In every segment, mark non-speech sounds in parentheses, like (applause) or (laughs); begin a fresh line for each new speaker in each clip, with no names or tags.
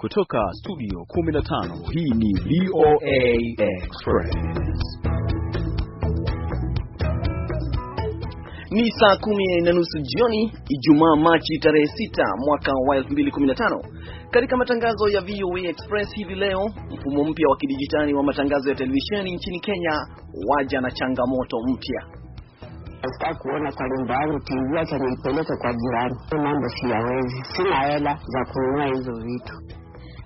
Kutoka studio 15 hii ni VOA Express. Ni saa kumi na nusu jioni Ijumaa, Machi tarehe 6 mwaka wa 2015. Katika matangazo ya VOA Express hivi leo, mfumo mpya wa kidijitali wa matangazo ya televisheni nchini Kenya waja na changamoto
mpya. Sitaki kuona kwa nyumba yangu TV, acha niipeleke kwa jirani. Mambo siyawezi, sina hela za kununua hizo vitu.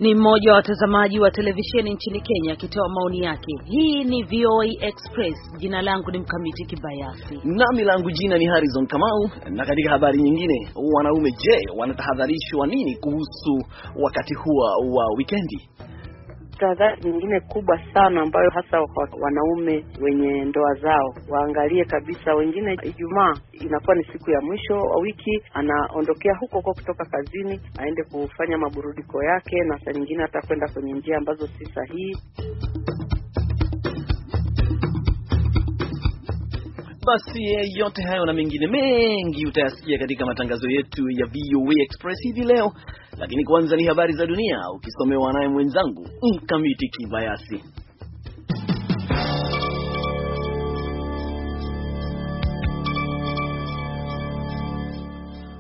Ni mmoja wa watazamaji wa televisheni nchini Kenya akitoa maoni yake. Hii ni VOA Express. Jina langu ni Mkamiti Kibayasi,
nami langu jina ni Harrison Kamau. Na katika habari nyingine, wanaume je, wanatahadharishwa nini kuhusu wakati huo wa wikendi?
tahadhari nyingine kubwa sana ambayo hasa wanaume wenye ndoa zao waangalie kabisa. Wengine Ijumaa inakuwa ni siku ya mwisho wa wiki, anaondokea huko kwa kutoka kazini aende kufanya maburudiko yake, na saa nyingine hata kwenda kwenye njia ambazo si sahihi.
Basi eh, yote hayo na mengine mengi utayasikia katika matangazo yetu ya VOA Express hivi leo, lakini kwanza ni habari za dunia ukisomewa naye mwenzangu Mkamiti Kibayasi.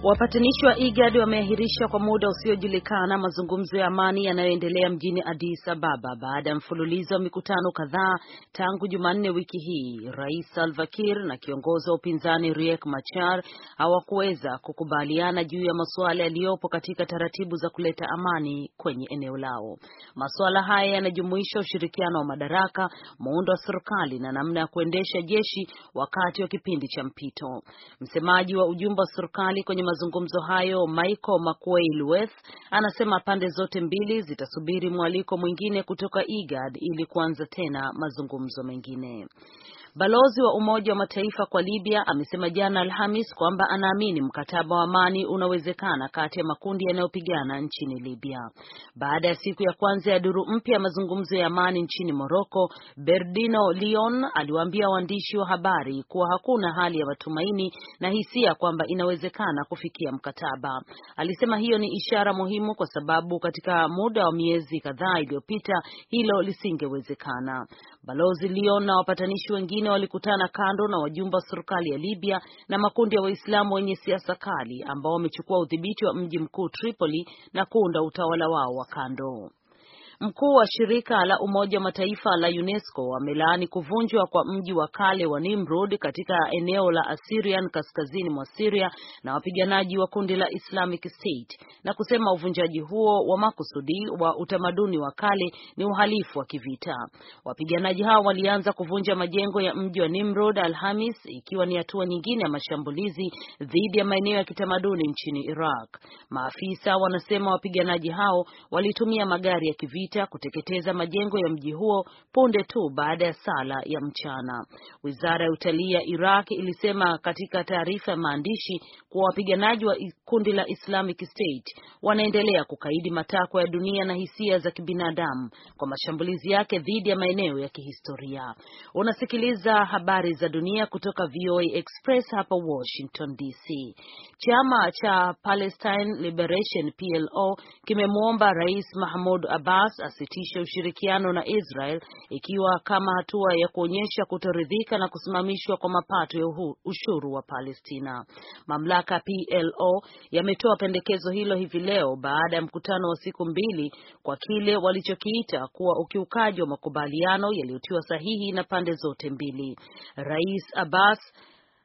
Wapatanishi wa IGAD wameahirisha kwa muda usiojulikana mazungumzo ya amani yanayoendelea mjini Addis Ababa baada ya mfululizo wa mikutano kadhaa tangu Jumanne wiki hii. Rais Salva Kiir na kiongozi wa upinzani Riek Machar hawakuweza kukubaliana juu ya masuala yaliyopo katika taratibu za kuleta amani kwenye eneo lao. Masuala haya yanajumuisha ushirikiano wa madaraka, muundo wa serikali na namna ya kuendesha jeshi wakati wa kipindi cha mpito. Msemaji wa ujumbe wa serikali kwenye mazungumzo hayo, Michael Makuei Lueth anasema pande zote mbili zitasubiri mwaliko mwingine kutoka IGAD ili kuanza tena mazungumzo mengine. Balozi wa Umoja wa Mataifa kwa Libya amesema jana Alhamis kwamba anaamini mkataba wa amani unawezekana kati ya makundi yanayopigana nchini Libya. Baada ya siku ya kwanza ya duru mpya ya mazungumzo ya amani nchini Morocco, Bernardino Leon aliwaambia waandishi wa habari kuwa hakuna hali ya matumaini na hisia kwamba inawezekana kufikia mkataba. Alisema hiyo ni ishara muhimu kwa sababu katika muda wa miezi kadhaa iliyopita hilo lisingewezekana. Balozi Leon na wapatanishi wengine walikutana kando na wajumbe wa serikali ya Libya na makundi ya Waislamu wenye siasa kali ambao wamechukua udhibiti wa mji mkuu Tripoli na kuunda utawala wao wa kando. Mkuu wa shirika la Umoja wa Mataifa la UNESCO amelaani kuvunjwa kwa mji wa kale wa Nimrud katika eneo la Assyrian kaskazini mwa Syria na wapiganaji wa kundi la Islamic State na kusema uvunjaji huo wa makusudi wa utamaduni wa kale ni uhalifu wa kivita. Wapiganaji hao walianza kuvunja majengo ya mji wa Nimrud Alhamis, ikiwa ni hatua nyingine ya mashambulizi dhidi ya maeneo ya kitamaduni nchini Iraq. Maafisa wanasema wapiganaji hao walitumia magari ya kivita sita kuteketeza majengo ya mji huo punde tu baada ya sala ya mchana. Wizara ya utalii ya Iraq ilisema katika taarifa ya maandishi kuwa wapiganaji wa kundi la Islamic State wanaendelea kukaidi matakwa ya dunia na hisia za kibinadamu kwa mashambulizi yake dhidi ya maeneo ya kihistoria. Unasikiliza habari za dunia kutoka VOA Express hapa Washington DC. Chama cha Palestine Liberation PLO kimemwomba Rais Mahmoud Abbas asitishe ushirikiano na Israel ikiwa kama hatua ya kuonyesha kutoridhika na kusimamishwa kwa mapato ya ushuru wa Palestina. Mamlaka PLO yametoa pendekezo hilo hivi leo baada ya mkutano wa siku mbili kwa kile walichokiita kuwa ukiukaji wa makubaliano yaliyotiwa sahihi na pande zote mbili. Rais Abbas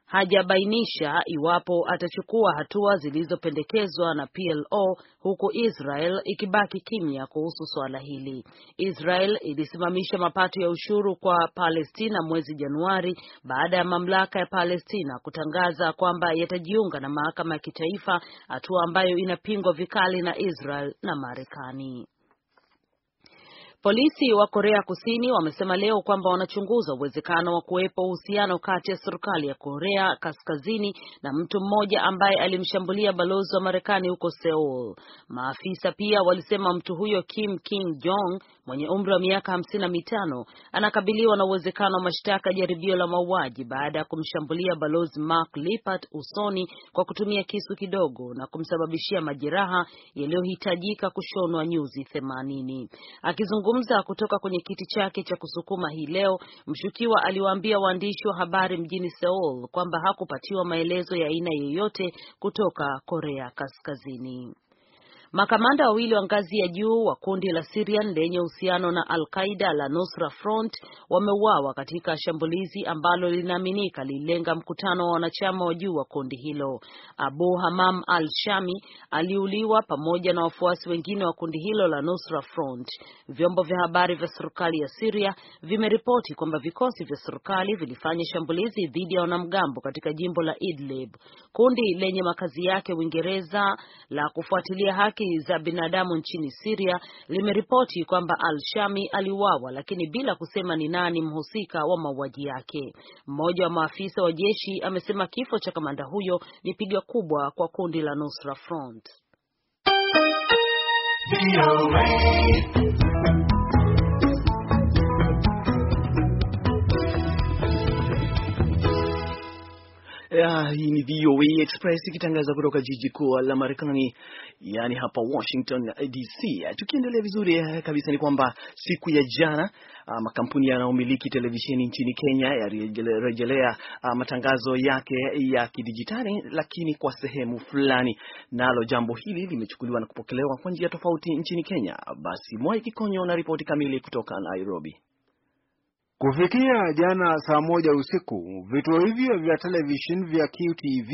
hajabainisha iwapo atachukua hatua zilizopendekezwa na PLO huku Israel ikibaki kimya kuhusu suala hili. Israel ilisimamisha mapato ya ushuru kwa Palestina mwezi Januari baada ya mamlaka ya Palestina kutangaza kwamba yatajiunga na mahakama ya kitaifa, hatua ambayo inapingwa vikali na Israel na Marekani. Polisi wa Korea Kusini wamesema leo kwamba wanachunguza uwezekano wa kuwepo uhusiano kati ya serikali ya Korea Kaskazini na mtu mmoja ambaye alimshambulia balozi wa Marekani huko Seoul. Maafisa pia walisema mtu huyo Kim King Jong mwenye umri wa miaka hamsini na mitano anakabiliwa na uwezekano wa mashtaka ya jaribio la mauaji baada ya kumshambulia balozi Mark Lippert usoni kwa kutumia kisu kidogo na kumsababishia majeraha yaliyohitajika kushonwa nyuzi themanini. Akizungumza kutoka kwenye kiti chake cha kusukuma hii leo, mshukiwa aliwaambia waandishi wa habari mjini Seoul kwamba hakupatiwa maelezo ya aina yoyote kutoka Korea Kaskazini. Makamanda wawili wa ngazi ya juu wa kundi la Syrian lenye uhusiano na Al-Qaida la Nusra Front wameuawa katika shambulizi ambalo linaaminika lililenga mkutano wa wanachama wa juu wa kundi hilo. Abu Hamam al-Shami aliuliwa pamoja na wafuasi wengine wa kundi hilo la Nusra Front. Vyombo vya habari vya serikali ya Syria vimeripoti kwamba vikosi vya serikali vilifanya shambulizi dhidi ya wanamgambo katika jimbo la Idlib. Kundi lenye makazi yake Uingereza la kufuatilia haki haki za binadamu nchini Siria limeripoti kwamba Al-Shami aliuawa, lakini bila kusema ni nani mhusika wa mauaji yake. Mmoja wa maafisa wa jeshi amesema kifo cha kamanda huyo ni pigo kubwa kwa kundi la Nusra Front.
Ah, hii ni VOA Express ikitangaza kutoka jiji kuu la Marekani, yani hapa Washington eh, DC. Ah, tukiendelea vizuri eh, kabisa, ni kwamba siku ya jana ah, makampuni yanayomiliki televisheni nchini Kenya yalirejelea ah, matangazo yake ya kidijitali, lakini kwa sehemu fulani. Nalo jambo hili limechukuliwa na kupokelewa kwa njia tofauti nchini Kenya. Basi Mwai Kikonyo na ripoti kamili
kutoka Nairobi. Kufikia jana saa moja usiku, vituo hivyo vya televishen vya QTV,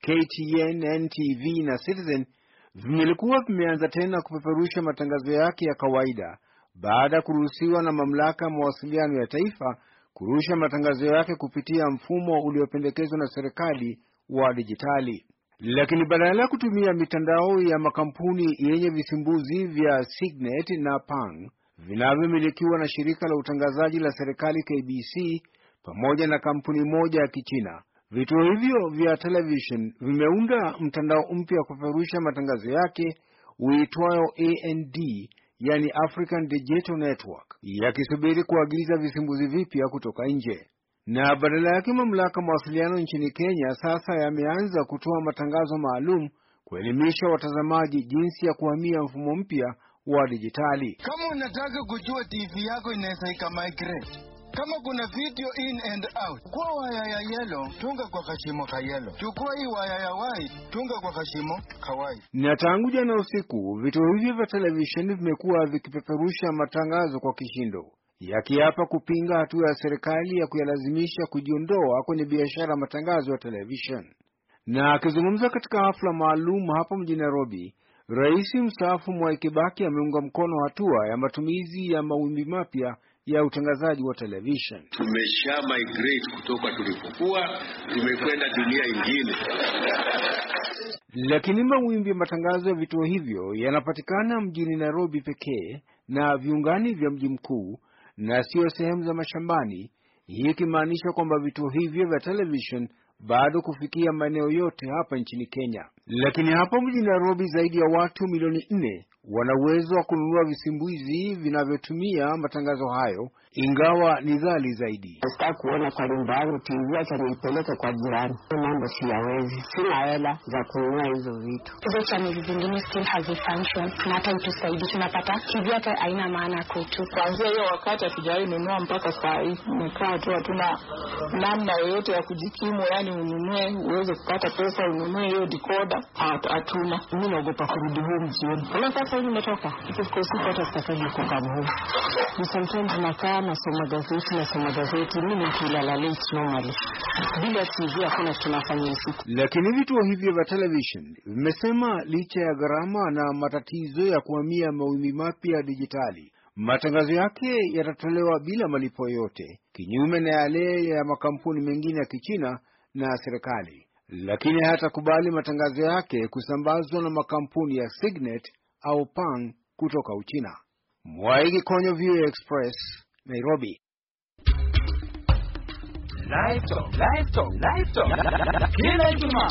KTN, NTV na Citizen vilikuwa vimeanza tena kupeperusha matangazo yake ya kawaida baada ya kuruhusiwa na mamlaka ya mawasiliano ya taifa kurusha matangazo yake kupitia mfumo uliopendekezwa na serikali wa dijitali. Lakini badala ya kutumia mitandao ya makampuni yenye visimbuzi vya Signet na Pang vinavyomilikiwa na shirika la utangazaji la serikali KBC pamoja na kampuni moja ya Kichina. Vituo hivyo vya television vimeunda mtandao mpya wa kupeperusha matangazo yake uitwayo AND, yani African Digital Network, yakisubiri kuagiza visimbuzi vipya kutoka nje. Na badala yake mamlaka mawasiliano nchini Kenya sasa yameanza kutoa matangazo maalum kuelimisha watazamaji jinsi ya kuhamia mfumo mpya wa dijitali. Kama unataka kujua TV yako inaweza ika migrate kama kuna video in and out kwa waya ya yellow tunga kwa kashimo ka yellow, chukua hii waya ya white tunga kwa kashimo ka white. Na tangu jana usiku vituo hivyo vya televisheni vimekuwa vikipeperusha matangazo kwa kishindo, yakiapa kupinga hatua ya serikali ya kuyalazimisha kujiondoa kwenye biashara ya matangazo ya televisheni. Na akizungumza katika hafla maalum hapa mjini Nairobi, Rais mstaafu Mwai Kibaki ameunga mkono hatua ya matumizi ya mawimbi mapya ya utangazaji wa television. Tumesha migrate kutoka tulipokuwa, tumekwenda dunia ingine. Lakini mawimbi ya matangazo ya vituo hivyo yanapatikana mjini Nairobi pekee na viungani vya mji mkuu na siyo sehemu za mashambani, hii ikimaanisha kwamba vituo hivyo vya television bado kufikia maeneo yote hapa nchini Kenya. Lakini hapo mjini Nairobi zaidi ya watu milioni nne wana uwezo wa kununua visimbuizi vinavyotumia matangazo hayo, ingawa ni ghali zaidi. Nataka kuona kwa nyumba yangu TV,
acha niipeleke kwa jirani. Mambo siyawezi, sina hela za kununua hizo vitu. Hizo chaneli
zingine still hazifunction na hata itusaidi, tunapata TV hata haina maana kwetu.
Kwanzia hiyo wakati hatujawai nunua mpaka saa hii
mekaa tu, hatuna namna yoyote
ya kujikimu, Yani ununue uweze kupata pesa, ununue hiyo decoder labda hatuna, ah, ah, mimi naogopa kurudi home jioni. Kama sasa hivi nimetoka, sikosi hata stakali kukaa home.
Ni sometimes nakaa na soma gazeti, na soma gazeti, mimi nikilala late normally. Bila TV hakuna tunafanya usiku. Lakini vituo hivyo vya television vimesema licha ya gharama na matatizo ya kuhamia mawimbi mapya ya dijitali matangazo yake yatatolewa bila malipo yote, kinyume na yale ya makampuni mengine ya Kichina na serikali lakini hatakubali matangazo yake kusambazwa na makampuni ya Signet au Pang kutoka Uchina. Mwaigi Konyo, VOA Express, Nairobi. kila Ijumaa.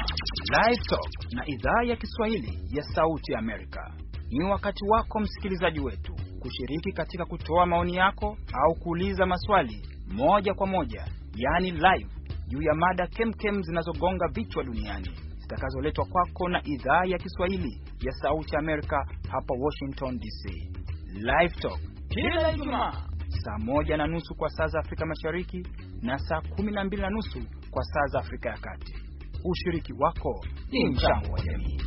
Live Talk na idhaa ya Kiswahili ya Sauti ya Amerika. Ni wakati wako msikilizaji wetu kushiriki katika kutoa maoni yako au kuuliza maswali moja kwa moja, yaani live juu ya mada kemkem zinazogonga vichwa duniani zitakazoletwa kwako na idhaa ya Kiswahili ya Sauti Amerika hapa Washington DC. Live Talk kila Ijumaa saa moja na nusu kwa saa za Afrika Mashariki na saa kumi na mbili na nusu kwa saa za Afrika ya Kati. Ushiriki wako ni mchango wa jamii.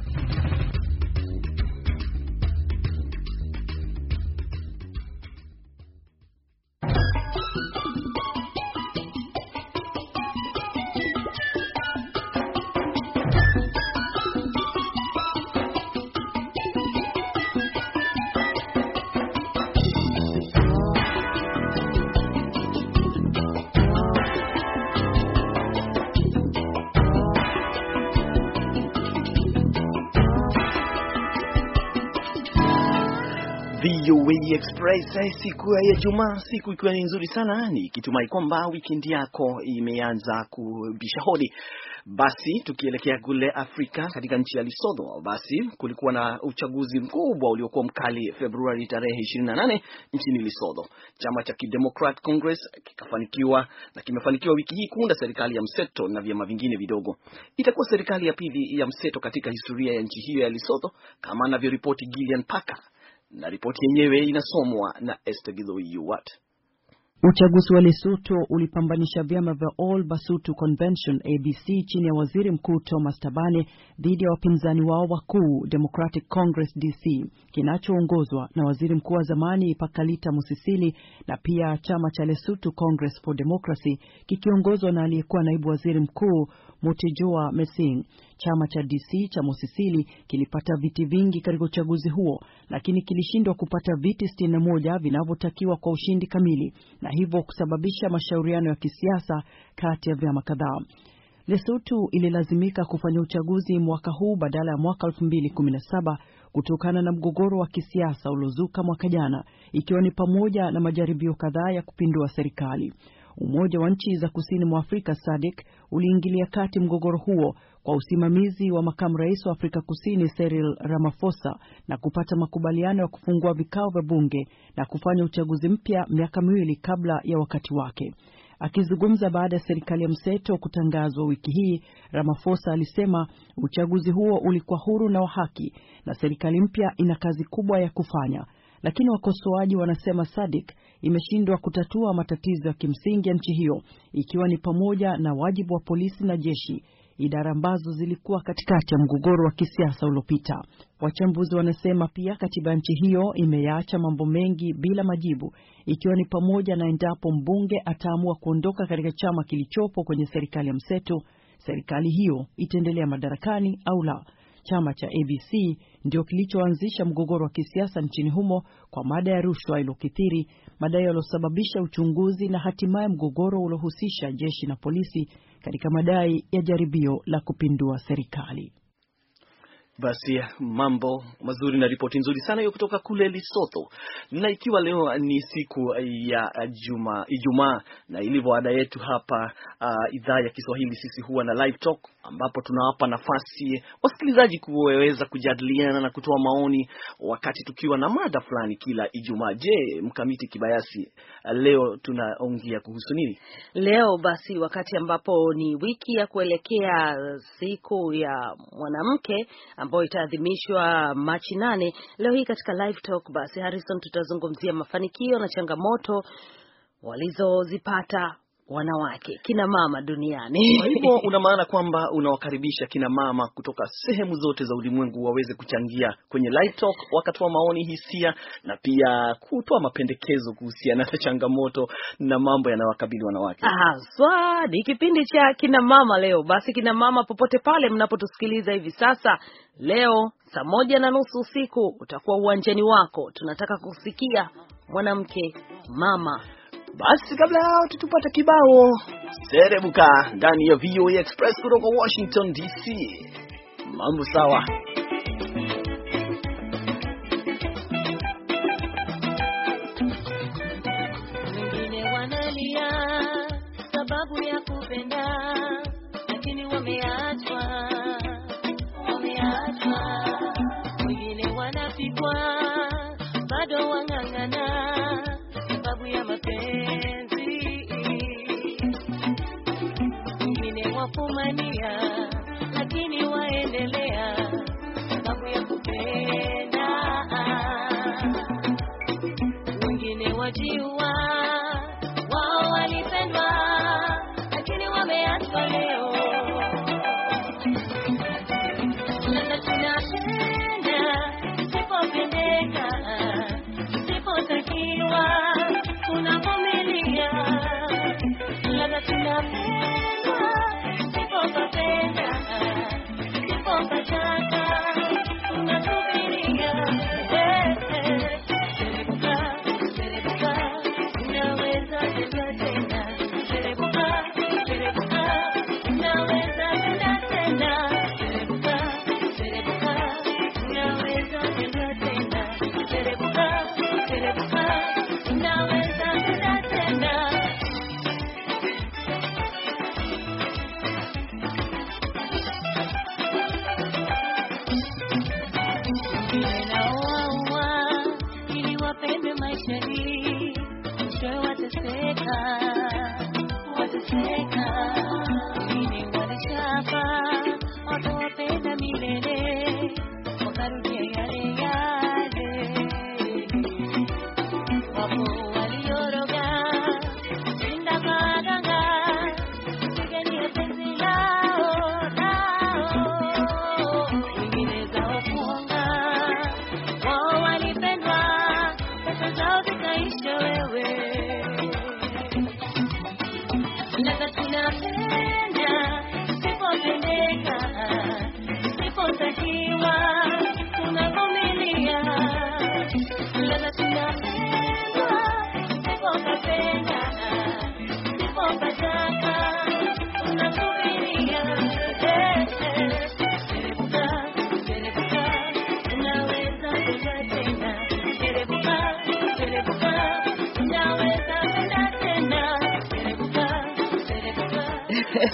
Wiki Express eh, siku ya Ijumaa, siku ikiwa ni nzuri sana, nikitumai kwamba weekend yako imeanza kubisha hodi. Basi tukielekea kule Afrika, katika nchi ya Lesotho, basi kulikuwa na uchaguzi mkubwa uliokuwa mkali Februari tarehe 28 nchini Lesotho. Chama cha Democrat Congress kikafanikiwa na kimefanikiwa wiki hii kuunda serikali ya mseto na vyama vingine vidogo. Itakuwa serikali ya pili ya mseto katika historia ya nchi hiyo ya Lesotho, kama anavyoripoti Gillian Parker na ripoti yenyewe inasomwa na Esther Githui
Uchaguzi wa Lesotho ulipambanisha vyama vya All Basotho Convention ABC chini ya waziri mkuu Thomas Tabane dhidi ya wapinzani wao wakuu Democratic Congress DC kinachoongozwa na waziri mkuu wa zamani Pakalita Musisili na pia chama cha Lesotho Congress for Democracy kikiongozwa na aliyekuwa naibu waziri mkuu Mutijua Messing. Chama cha DC cha Mosisili kilipata viti vingi katika uchaguzi huo, lakini kilishindwa kupata viti 61 vinavyotakiwa kwa ushindi kamili, na hivyo kusababisha mashauriano ya kisiasa kati ya vyama kadhaa. Lesotho ililazimika kufanya uchaguzi mwaka huu badala ya mwaka 2017 kutokana na mgogoro wa kisiasa uliozuka mwaka jana, ikiwa ni pamoja na majaribio kadhaa ya kupindua serikali. Umoja wa nchi za kusini mwa Afrika SADC uliingilia kati mgogoro huo kwa usimamizi wa makamu rais wa Afrika Kusini Cyril Ramaphosa na kupata makubaliano ya kufungua vikao vya bunge na kufanya uchaguzi mpya miaka miwili kabla ya wakati wake. Akizungumza baada ya serikali ya mseto kutangazwa wiki hii, Ramaphosa alisema uchaguzi huo ulikuwa huru na wa haki na serikali mpya ina kazi kubwa ya kufanya, lakini wakosoaji wanasema SADC imeshindwa kutatua matatizo ya kimsingi ya nchi hiyo, ikiwa ni pamoja na wajibu wa polisi na jeshi, idara ambazo zilikuwa katikati ya mgogoro wa kisiasa uliopita. Wachambuzi wanasema pia katiba ya nchi hiyo imeyaacha mambo mengi bila majibu, ikiwa ni pamoja na endapo mbunge ataamua kuondoka katika chama kilichopo kwenye serikali ya mseto, serikali hiyo itaendelea madarakani au la chama cha ABC ndio kilichoanzisha mgogoro wa kisiasa nchini humo kwa mada ya rushwa iliyokithiri, madai yaliyosababisha uchunguzi na hatimaye mgogoro uliohusisha jeshi na polisi katika madai ya jaribio la kupindua serikali.
Basi mambo mazuri na ripoti nzuri sana hiyo kutoka kule Lesotho. Na ikiwa leo ni siku ya juma Ijumaa, na ilivyo ada yetu hapa uh, idhaa ya Kiswahili, sisi huwa na live talk, ambapo tunawapa nafasi wasikilizaji kuweza kujadiliana na kutoa maoni wakati tukiwa na mada fulani kila Ijumaa. Je, mkamiti kibayasi,
leo tunaongea kuhusu nini leo? Basi wakati ambapo ni wiki ya kuelekea siku ya mwanamke ambayo itaadhimishwa Machi nane. Leo hii katika live talk, basi Harrison, tutazungumzia mafanikio na changamoto walizozipata wanawake kina mama duniani. Kwa hivyo
(laughs) una maana kwamba unawakaribisha kina mama kutoka sehemu zote za ulimwengu waweze kuchangia kwenye live talk, wakatoa maoni, hisia na pia kutoa mapendekezo kuhusiana na changamoto na mambo yanayowakabili wanawake.
Haswa ni kipindi cha kina mama leo. Basi kina mama, popote pale mnapotusikiliza hivi sasa, leo saa moja na nusu usiku utakuwa uwanjani wako. Tunataka kusikia mwanamke mama
basi kabla yao tutupata kibao serebuka ndani ya VOA Express kutoka Washington DC. Mambo sawa.
Wengine wanalia sababu ya kupenda wanakumania, lakini waendelea sababu ya kupenda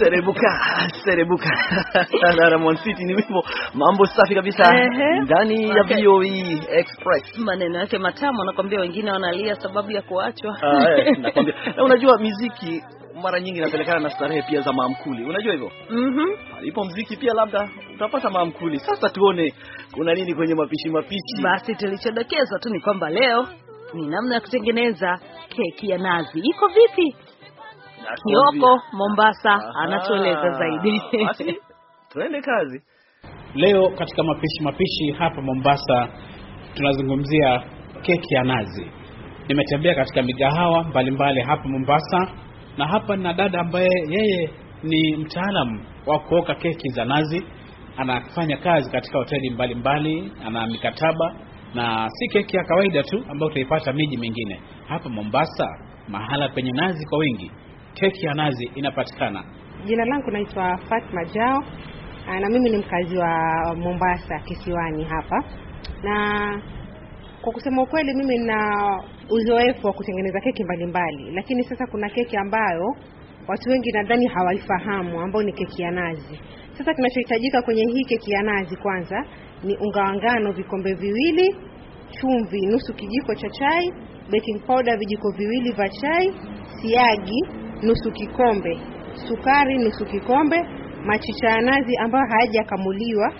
Serebuka, Serebuka (laughs) na Ramon City ni wimbo mambo safi kabisa ndani ya VOE
Express. Maneno yake matamu, anakuambia wengine wanalia sababu ya kuachwa. Ah, eh, (laughs) nakwambia, na eh, unajua miziki
mara nyingi inapelekana na starehe pia za maamkuli, unajua hivyo Mhm. alipo muziki mziki pia labda utapata maamkuli. Sasa tuone kuna nini kwenye mapishi mapishi. Basi
tulichodokeza tu ni kwamba leo ni namna ya kutengeneza keki ya nazi, iko vipi? Kioko Mombasa anatueleza zaidi. (laughs) Basi
tuende kazi. Leo katika mapishi mapishi hapa Mombasa tunazungumzia keki ya nazi. Nimetembea katika migahawa mbalimbali hapa Mombasa, na hapa nina dada ambaye yeye ni mtaalamu wa kuoka keki za nazi. Anafanya kazi katika hoteli mbalimbali, ana mikataba, na si keki ya kawaida tu ambayo utaipata miji mingine. Hapa Mombasa mahala penye nazi kwa wingi, keki ya nazi inapatikana.
Jina langu naitwa Fatma Jao ah, na mimi ni mkazi wa Mombasa kisiwani hapa, na kwa kusema ukweli, mimi nina uzoefu wa kutengeneza keki mbalimbali mbali. Lakini sasa kuna keki ambayo watu wengi nadhani hawaifahamu ambayo ni keki ya nazi. Sasa kinachohitajika kwenye hii keki ya nazi kwanza ni unga wa ngano vikombe viwili, chumvi nusu kijiko cha chai, baking powder vijiko viwili vya chai, siagi nusu kikombe sukari, nusu kikombe machicha ya nazi ambayo hayajakamuliwa,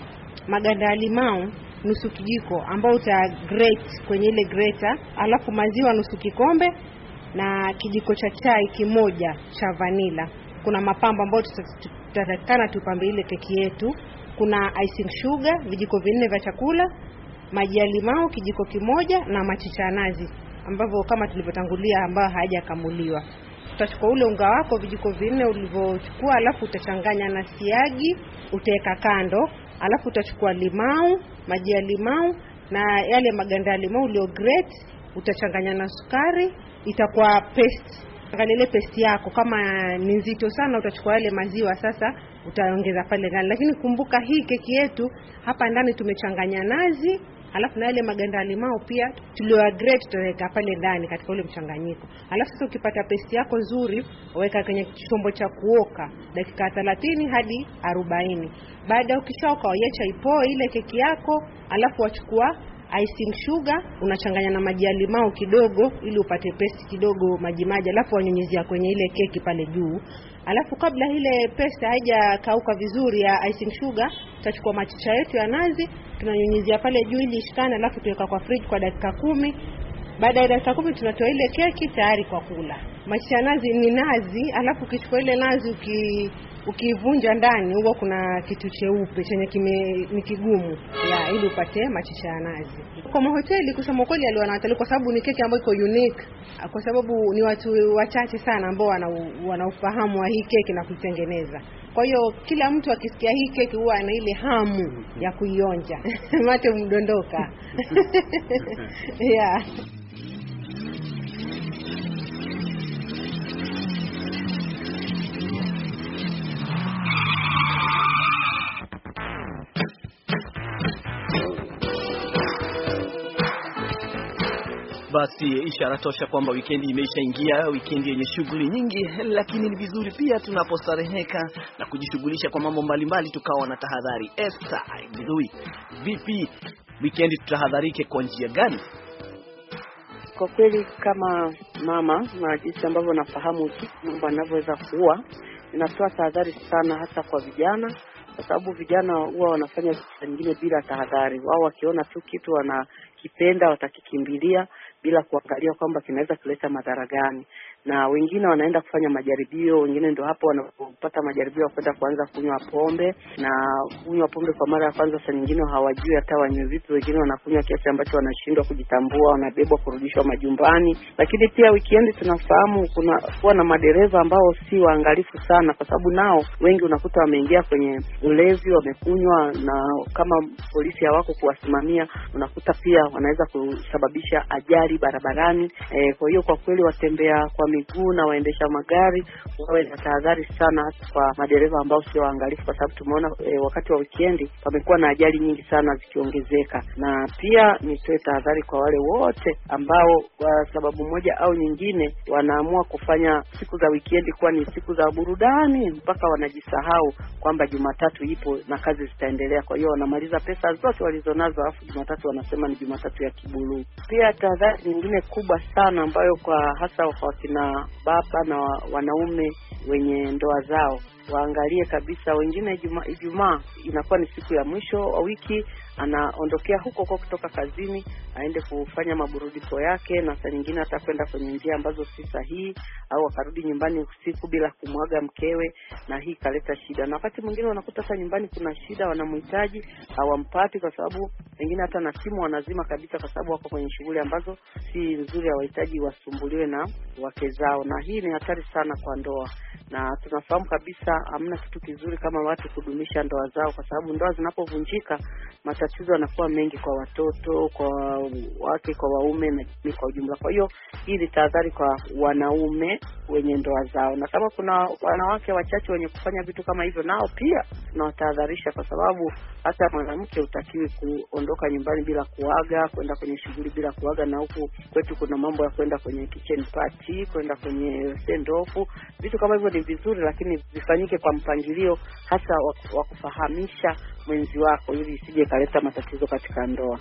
maganda ya limau nusu kijiko ambao uta grate kwenye ile grater, alafu maziwa nusu kikombe na kijiko cha chai kimoja cha vanila. Kuna mapambo ambayo tutatakana tupambe ile keki yetu. Kuna icing sugar vijiko vinne vya chakula, maji ya limau kijiko kimoja, na machicha ya nazi ambavyo kama tulivyotangulia, ambayo hayajakamuliwa. Utachukua ule unga wako vijiko vinne ulivyochukua, alafu utachanganya na siagi, utaweka kando, alafu utachukua limau, maji ya limau na yale maganda ya limau ulio grate utachanganya na sukari, itakuwa paste. Angalia ile paste yako, kama ni nzito sana, utachukua yale maziwa sasa utaongeza pale ndani, lakini kumbuka hii keki yetu hapa ndani tumechanganya nazi alafu na yale maganda limao pia tulioagree tutaweka pale ndani katika ule mchanganyiko. Alafu sasa ukipata pesti yako nzuri, weka kwenye chombo cha kuoka dakika 30 hadi 40. Baada ukishaoka, wacha ipoe ile keki yako, alafu wachukua icing sugar unachanganya na maji ya limao kidogo, ili upate paste kidogo maji maji, alafu wanyunyizia kwenye ile keki pale juu. Alafu kabla ile pesti haijakauka vizuri ya icing sugar, tutachukua machicha yetu ya nazi tunanyunyizia pale juu ili ishikane, alafu tuweka kwa fridge kwa dakika kumi. Baada ya dakika kumi tunatoa ile keki tayari kwa kula. Machi ya nazi ni nazi, alafu ukichukua ile nazi uki Ukivunja ndani huwa kuna kitu cheupe chenye kime ni kigumu ya ili upate machicha ya nazi. Kwa mahoteli kusema kweli, aliwa na watalii kwa sababu ni keki ambayo iko unique, kwa sababu ni watu wachache sana ambao wanaufahamu wa hii keki na kuitengeneza. Kwa hiyo kila mtu akisikia hii keki huwa ana ile hamu ya kuionja (laughs) mate mdondoka (laughs) yeah.
Basi ishara tosha kwamba wikendi imeshaingia, wikendi yenye shughuli nyingi, lakini ni vizuri pia tunapostareheka na kujishughulisha kwa mambo mbalimbali tukawa na tahadhari. Esther, vizuri vipi, wikendi tutahadharike kwa njia gani?
Kwa kweli kama mama na jinsi ambavyo nafahamu mambo anavyoweza kuwa, inatoa tahadhari sana, hasa kwa vijana, kwa sababu vijana huwa wanafanya vitu vingine bila tahadhari. Wao wakiona tu kitu wanakipenda watakikimbilia, bila kuangalia kwamba kinaweza kuleta madhara gani na wengine wanaenda kufanya majaribio, wengine ndio hapo wanapopata majaribio wakwenda kuanza kunywa pombe na kunywa pombe kwa mara ya kwanza. Saa nyingine hawajui hata wanywe vipi, wengine wanakunywa kiasi ambacho wanashindwa kujitambua, wanabebwa kurudishwa majumbani. Lakini pia wikendi, tunafahamu kuna kuwa na madereva ambao si waangalifu sana, kwa sababu nao wengi unakuta wameingia kwenye ulevi, wamekunywa, na kama polisi hawako kuwasimamia, unakuta pia wanaweza kusababisha ajali barabarani. E, kwa hiyo kwa kweli watembea kwa miguu na waendesha magari wawe na tahadhari sana, hasa kwa madereva ambao sio waangalifu, kwa sababu tumeona e, wakati wa wikendi pamekuwa na ajali nyingi sana zikiongezeka. Na pia nitoe tahadhari kwa wale wote ambao kwa sababu moja au nyingine wanaamua kufanya siku za wikendi kuwa ni siku za burudani mpaka wanajisahau kwamba Jumatatu ipo na kazi zitaendelea. Kwa hiyo wanamaliza pesa zote walizonazo, alafu Jumatatu wanasema ni Jumatatu ya kibuluu. Pia tahadhari nyingine kubwa sana ambayo kwa hasa kwa wakina baba na wanaume wenye ndoa zao waangalie kabisa. Wengine Ijumaa inakuwa ni siku ya mwisho wa wiki, anaondokea huko kwa kutoka kazini aende kufanya maburudiko yake, na saa nyingine hata kwenda kwenye njia ambazo si sahihi, au akarudi nyumbani usiku bila kumwaga mkewe, na hii ikaleta shida. Na wakati mwingine wanakuta hata nyumbani kuna shida, wanamhitaji hawampati, kwa sababu wengine hata na simu wanazima kabisa, kwa sababu wako kwenye shughuli ambazo si nzuri, hawahitaji wasumbuliwe na wake zao, na hii ni hatari sana kwa ndoa, na tunafahamu kabisa hamna kitu kizuri kama watu kudumisha ndoa zao, kwa sababu ndoa zinapovunjika matatizo yanakuwa mengi kwa watoto, kwa wake, kwa waume na jamii kwa ujumla. Kwa hiyo hii ni tahadhari kwa wanaume wenye ndoa zao, na kama kuna wanawake wachache wenye kufanya vitu kama hivyo, nao pia tunawatahadharisha, kwa sababu hata mwanamke hutakiwi kuondoka nyumbani bila kuaga, kwenda kwenye shughuli bila kuaga, na huku kwetu kuna mambo ya kwenda kwenye kitchen party, kwenda kwenye sendofu. Vitu kama hivyo ni vizuri, lakini vifanyike kwa mpangilio hasa wa kufahamisha mwenzi wako, ili isije ikaleta matatizo katika ndoa.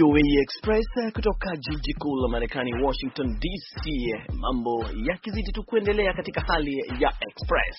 VOA Express eh, kutoka jiji kuu la Marekani, Washington DC. Mambo yakizidi tu kuendelea katika hali ya Express.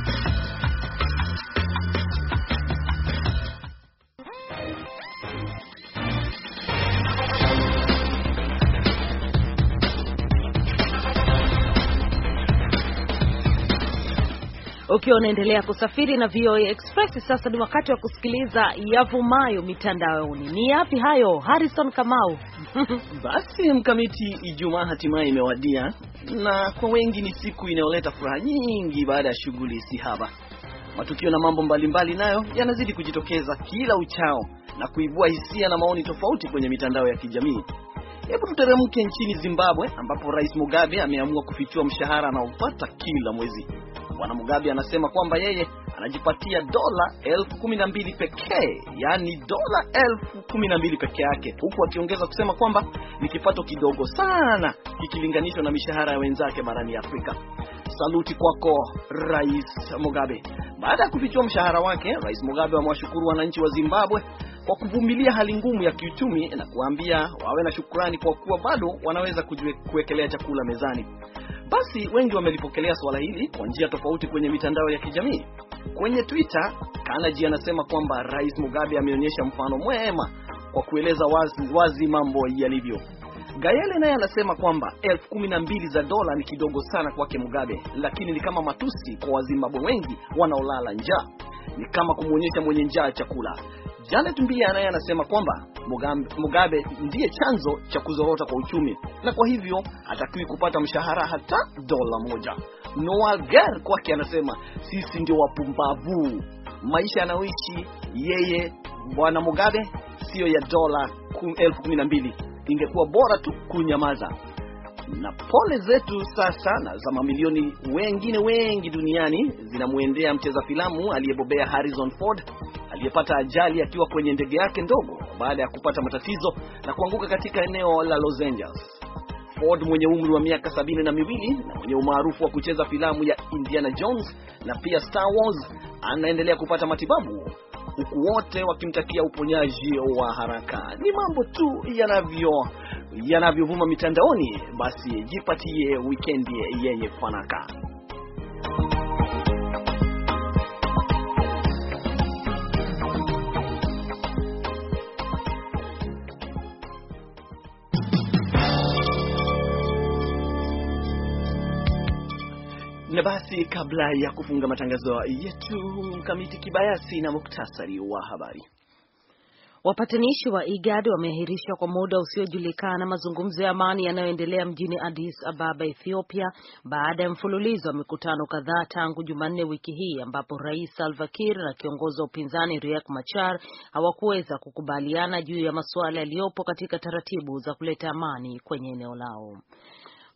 ukiwa unaendelea kusafiri na VOA Express, sasa ni wakati wa kusikiliza yavumayo mitandaoni. Ni yapi hayo, Harrison Kamau? (laughs) Basi mkamiti,
Ijumaa hatimaye imewadia, na kwa wengi ni siku inayoleta furaha nyingi baada ya shughuli haba. Matukio na mambo mbalimbali nayo yanazidi kujitokeza kila uchao na kuibua hisia na maoni tofauti kwenye mitandao ya kijamii. Hebu tuteremke nchini Zimbabwe ambapo Rais Mugabe ameamua kufichua mshahara anaopata kila mwezi. Bwana Mugabe anasema kwamba yeye anajipatia dola elfu kumi na mbili pekee, yaani dola elfu kumi na mbili pekee yake, huku akiongeza kusema kwamba ni kipato kidogo sana ikilinganishwa na mishahara ya wenzake barani Afrika. Saluti kwako Rais Mugabe. Baada ya kufichua mshahara wake, Rais Mugabe amewashukuru wananchi wa Zimbabwe kwa kuvumilia hali ngumu ya kiuchumi na kuwaambia wawe na shukrani kwa kuwa bado wanaweza kuwekelea chakula mezani. Basi wengi wamelipokelea swala hili kwa njia tofauti kwenye mitandao ya kijamii. Kwenye Twitter, Kanaji anasema kwamba Rais Mugabe ameonyesha mfano mwema kwa kueleza wazi, wazi mambo yalivyo. Gayele naye anasema kwamba elfu kumi na mbili za dola ni kidogo sana kwake Mugabe, lakini ni kama matusi kwa Wazimbabwe wengi wanaolala njaa, ni kama kumwonyesha mwenye njaa chakula. Janet Mbia naye anasema kwamba Mugabe ndiye chanzo cha kuzorota kwa uchumi na kwa hivyo hatakiwi kupata mshahara hata dola moja. Noalger kwake anasema sisi ndio wapumbavu, maisha yanayoishi yeye bwana Mugabe siyo ya dola elfu kumi na mbili. Ingekuwa bora tu kunyamaza. Na pole zetu sasa na za mamilioni wengine wengi duniani zinamwendea mcheza filamu aliyebobea Harrison Ford aliyepata ajali akiwa kwenye ndege yake ndogo baada ya kupata matatizo na kuanguka katika eneo la Los Angeles. Ford mwenye umri wa miaka sabini na miwili na mwenye umaarufu wa kucheza filamu ya Indiana Jones na pia Star Wars anaendelea kupata matibabu huku wote wakimtakia uponyaji wa haraka. Ni mambo tu yanavyo yanavyovuma mitandaoni, basi jipatie wikendi yenye fanaka. Na basi kabla ya kufunga matangazo yetu, Mkamiti Kibayasi na muktasari wa habari.
Wapatanishi wa IGAD wameahirishwa kwa muda usiojulikana mazungumzo ya amani yanayoendelea mjini Addis Ababa, Ethiopia, baada ya mfululizo wa mikutano kadhaa tangu Jumanne wiki hii ambapo Rais Salva Kiir na kiongozi wa upinzani Riek Machar hawakuweza kukubaliana juu ya masuala yaliyopo katika taratibu za kuleta amani kwenye eneo lao.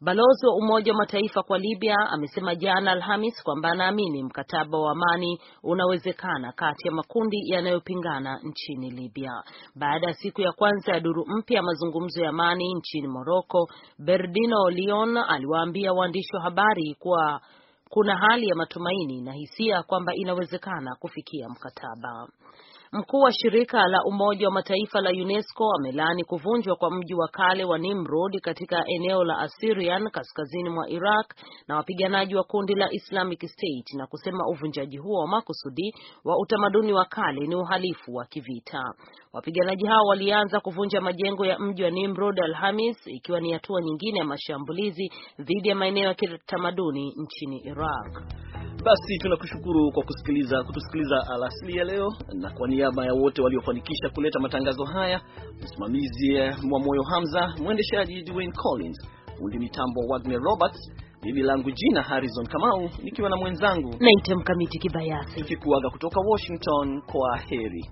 Balozi wa Umoja wa Mataifa kwa Libya amesema jana Alhamis kwamba anaamini mkataba wa amani unawezekana kati ya makundi yanayopingana nchini Libya baada ya siku ya kwanza ya duru mpya ya mazungumzo ya amani nchini Morocco. Bernardino Leon aliwaambia waandishi wa habari kuwa kuna hali ya matumaini na hisia kwamba inawezekana kufikia mkataba. Mkuu wa shirika la Umoja wa Mataifa la UNESCO amelaani kuvunjwa kwa mji wa kale wa Nimrud katika eneo la Assyrian kaskazini mwa Iraq na wapiganaji wa kundi la Islamic State na kusema uvunjaji huo wa makusudi wa utamaduni wa kale ni uhalifu wa kivita. Wapiganaji hao walianza kuvunja majengo ya mji wa Nimrud Alhamis, ikiwa ni hatua nyingine ya mashambulizi dhidi ya maeneo ya kitamaduni nchini Iraq.
Basi tunakushukuru kwa kusikiliza kutusikiliza alasili ya leo, na kwa niaba ya wote waliofanikisha kuleta matangazo haya, msimamizi wa Moyo Hamza, mwendeshaji Dwayne Collins, fundi mitambo Wagner Roberts, mimi langu jina Harrison Kamau nikiwa na mwenzangu
naita Mkamiti Kibayasi,
nikikuaga kutoka Washington. Kwa heri.